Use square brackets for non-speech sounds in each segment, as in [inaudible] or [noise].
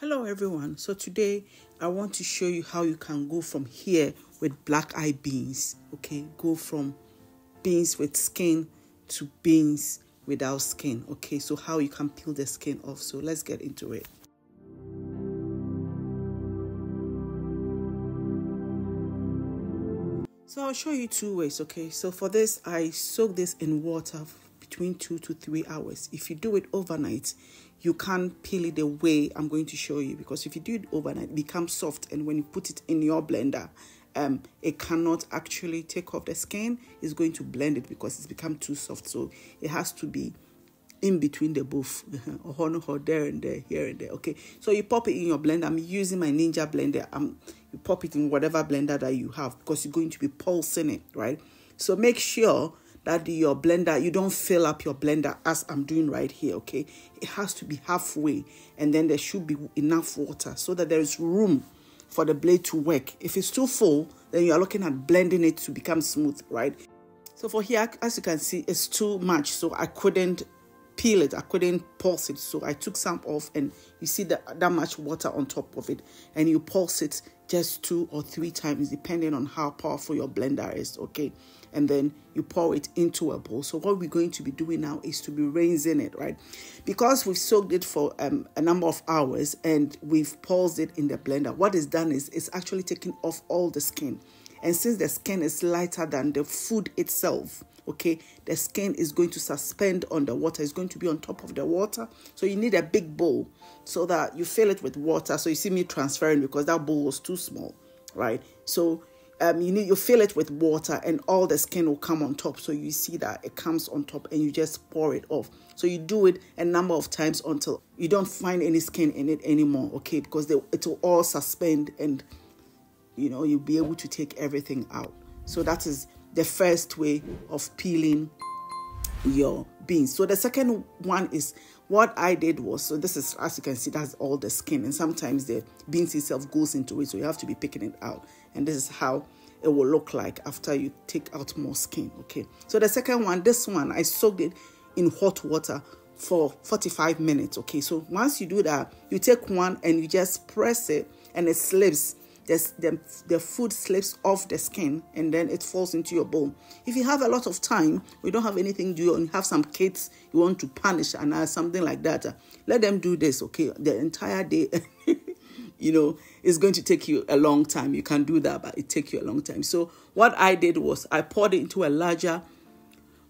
Hello everyone. So today I want to show you how you can go from here with black eye beans. Okay, go from beans with skin to beans without skin. Okay, so how you can peel the skin off. So let's get into it. So I'll show you two ways. Okay, so for this I soak this in water between two to three hours. If you do it overnight, you can peel it away. I'm going to show you because if you do it overnight, it becomes soft. And when you put it in your blender, um, it cannot actually take off the skin. It's going to blend it because it's become too soft. So it has to be in between the both [laughs] or there and there here and there okay so you pop it in your blender i'm using my ninja blender um you pop it in whatever blender that you have because you're going to be pulsing it right so make sure that your blender, you don't fill up your blender as I'm doing right here, okay? It has to be halfway and then there should be enough water so that there is room for the blade to work. If it's too full, then you are looking at blending it to become smooth, right? So for here, as you can see, it's too much. So I couldn't peel it. I couldn't pulse it. So I took some off and you see that, that much water on top of it. And you pulse it just two or three times depending on how powerful your blender is, okay? And then you pour it into a bowl. So what we're going to be doing now is to be rinsing it, right? Because we've soaked it for um, a number of hours and we've paused it in the blender, what is done is it's actually taking off all the skin. And since the skin is lighter than the food itself, okay the skin is going to suspend on the water it's going to be on top of the water so you need a big bowl so that you fill it with water so you see me transferring because that bowl was too small right so um, you need you fill it with water and all the skin will come on top so you see that it comes on top and you just pour it off so you do it a number of times until you don't find any skin in it anymore okay because they, it will all suspend and you know you'll be able to take everything out so that is the first way of peeling your beans. So the second one is what I did was so this is as you can see that's all the skin and sometimes the beans itself goes into it so you have to be picking it out and this is how it will look like after you take out more skin okay so the second one this one I soaked it in hot water for 45 minutes okay so once you do that you take one and you just press it and it slips the, the, the food slips off the skin and then it falls into your bowl. If you have a lot of time, we don't have anything due, and you have some kids you want to punish and uh, something like that, uh, let them do this, okay? The entire day, [laughs] you know, it's going to take you a long time. You can do that, but it takes you a long time. So what I did was I poured it into a larger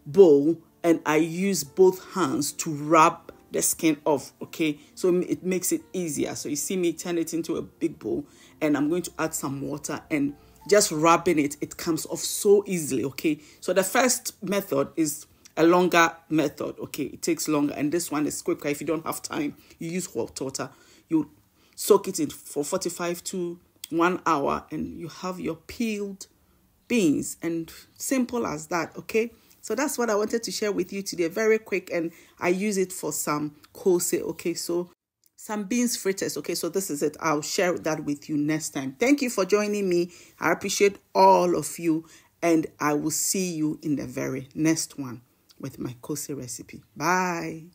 bowl and I used both hands to rub the skin off, okay? So it makes it easier. So you see me turn it into a big bowl and I'm going to add some water and just rubbing it, it comes off so easily, okay? So the first method is a longer method, okay? It takes longer and this one is quicker. If you don't have time, you use hot water. You soak it in for 45 to 1 hour and you have your peeled beans and simple as that, okay? So that's what I wanted to share with you today. Very quick and I use it for some kose, okay? So some beans fritters. Okay, so this is it. I'll share that with you next time. Thank you for joining me. I appreciate all of you, and I will see you in the very next one with my cozy recipe. Bye.